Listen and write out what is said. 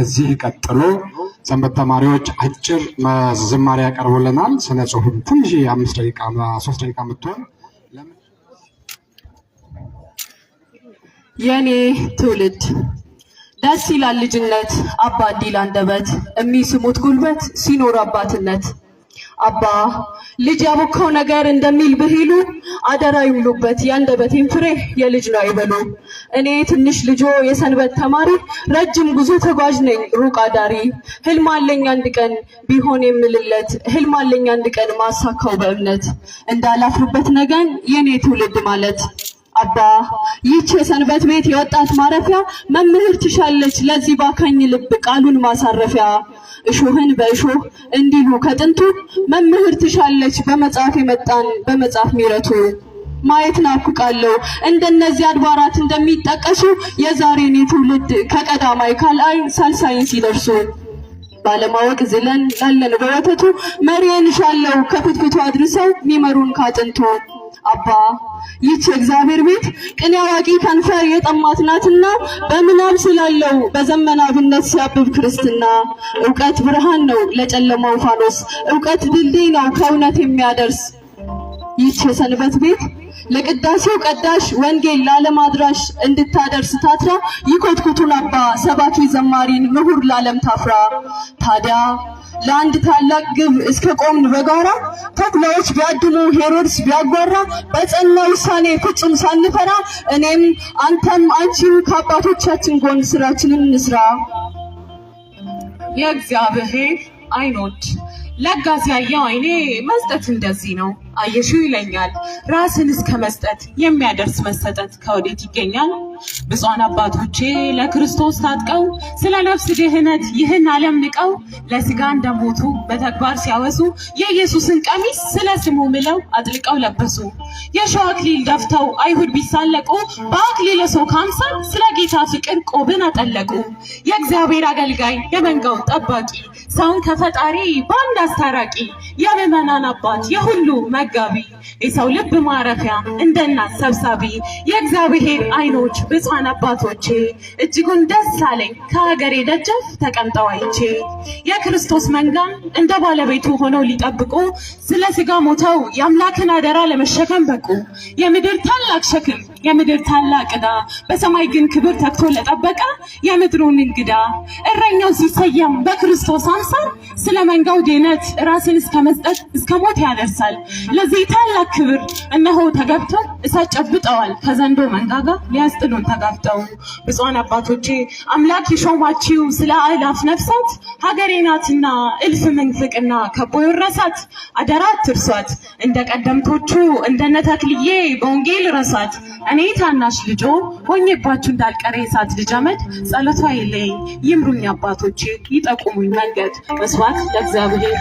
ከዚህ ቀጥሎ ሰንበት ተማሪዎች አጭር ዝማሬ ያቀርቡልናል። ስነ ጽሁፍ ትንሽ አምስት ደቂቃ ሶስት ደቂቃ የምትሆን የኔ ትውልድ ደስ ይላል ልጅነት አባ እንዲል አንደበት የሚስሙት ጉልበት ሲኖር አባትነት አባ ልጅ ያቦካው ነገር እንደሚል ብሂሉ አደራ ይውሉበት፣ የአንደበቴን ፍሬ የልጅ ነው አይበሉ። እኔ ትንሽ ልጆ የሰንበት ተማሪ ረጅም ጉዞ ተጓዥ ነኝ ሩቅ አዳሪ። ህልም አለኝ አንድ ቀን ቢሆን የምልለት ህልም አለኝ አንድ ቀን ማሳካው በእምነት እንዳላፍርበት ነገን የኔ ትውልድ ማለት አባ ይህች የሰንበት ቤት የወጣት ማረፊያ መምህር ትሻለች ለዚህ ባካኝ ልብ ቃሉን ማሳረፊያ እሾህን በእሾህ እንዲሉ ከጥንቱ መምህር ትሻለች በመጽሐፍ የመጣን በመጽሐፍ ሚረቱ ማየት ናፍቃለሁ እንደነዚህ አድባራት እንደሚጠቀሱ የዛሬን የትውልድ ከቀዳማይ ካልአይ ሳልሳይን ይደርሱ ባለማወቅ ዝለን ላለን በወተቱ መሪዬን ሻለው ከፍትፍቱ አድርሰው ሚመሩን ካጥንቱ አባ ይች እግዚአብሔር ቤት ቅኔ አዋቂ ከንፈር የጠማት ናትና በምናብ ስላለው በዘመናዊነት ሲያብብ ክርስትና እውቀት ብርሃን ነው ለጨለማው ፋኖስ እውቀት ድልድይ ነው ከእውነት የሚያደርስ ይህች የሰንበት ቤት ለቅዳሴው ቀዳሽ ወንጌል ለዓለም አድራሽ እንድታደርስ ታትራ ይኮትኩቱን አባ ሰባኪ ዘማሪን ምሁር ለዓለም ታፍራ። ታዲያ ለአንድ ታላቅ ግብ እስከ ቆምን በጋራ ተኩላዎች ቢያድሙ ሄሮድስ ቢያጓራ በጸና ውሳኔ ፍጹም ሳንፈራ እኔም አንተም አንቺም ከአባቶቻችን ጎን ስራችንን እንስራ። የእግዚአብሔር አይኖች ለጋስ ያየው አይኔ መስጠት እንደዚህ ነው። አየሽው ይለኛል። ራስን እስከ መስጠት የሚያደርስ መሰጠት ከወዴት ይገኛል? ብፁዓን አባቶቼ ለክርስቶስ ታጥቀው ስለ ነፍስ ድህነት ይህን ዓለም ንቀው ለስጋ እንደሞቱ በተግባር ሲያወሱ የኢየሱስን ቀሚስ ስለ ስሙ ምለው አጥልቀው ለበሱ። የሸዋ አክሊል ደፍተው አይሁድ ቢሳለቁ በአክሊለ ሦክ አምሳል ስለ ጌታ ፍቅር ቆብን አጠለቁ። የእግዚአብሔር አገልጋይ የመንጋው ጠባቂ ሰውን ከፈጣሪ በአንድ አስታራቂ የምዕመናን አባት የሁሉ መጋቢ የሰው ልብ ማረፊያ እንደናት ሰብሳቢ የእግዚአብሔር አይኖች ብፁዓን አባቶቼ እጅጉን ደስ አለኝ ከሀገሬ ደጃፍ ተቀምጠው አይቼ የክርስቶስ መንጋን እንደ ባለቤቱ ሆነው ሊጠብቁ ስለ ስጋ ሞተው የአምላክን አደራ ለመሸከም በቁ የምድር ታላቅ ሸክም የምድር ታላቅ ዕዳ በሰማይ ግን ክብር ተግቶ ለጠበቀ የምድሩን እንግዳ እረኛው ሲሰየም በክርስቶስ አምሳል ስለ መንጋው ድኅነት ራስን እስከ መስጠት እስከ ሞት ያደርሳል። ለዚህ ታላቅ ክብር እነሆ ተገብተው እሳት ጨብጠዋል ከዘንዶ ጋር ሊያስጥሉን ተጋፍጠው። ብፁዓን አባቶቼ አምላክ የሾማችው ስለ አእላፍ ነፍሳት ሀገሬ ናትና እልፍ ምንፍቅና ከቦ ይረሳት አደራ አትርሷት እንደ ቀደምቶቹ እንደነ ተክልዬ በወንጌል ረሷት እኔ ታናሽ ልጆ ሆኜባችሁ እንዳልቀረ የእሳት ልጅ አመድ ጸሎቷ የለይ ይምሩኝ አባቶቼ ይጠቁሙኝ መንገድ መስዋዕት ለእግዚአብሔር